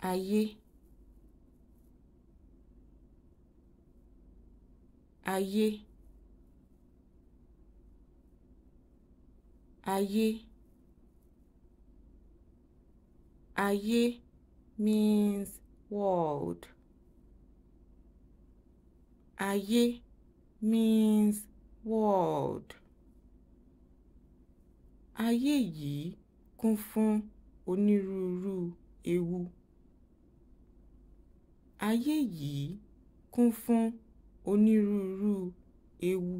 ayé ayé ayé ayé means world ayé means world ayé yìí kún fún onírúurú ewu ayé yìí kún fún onírúirú ewu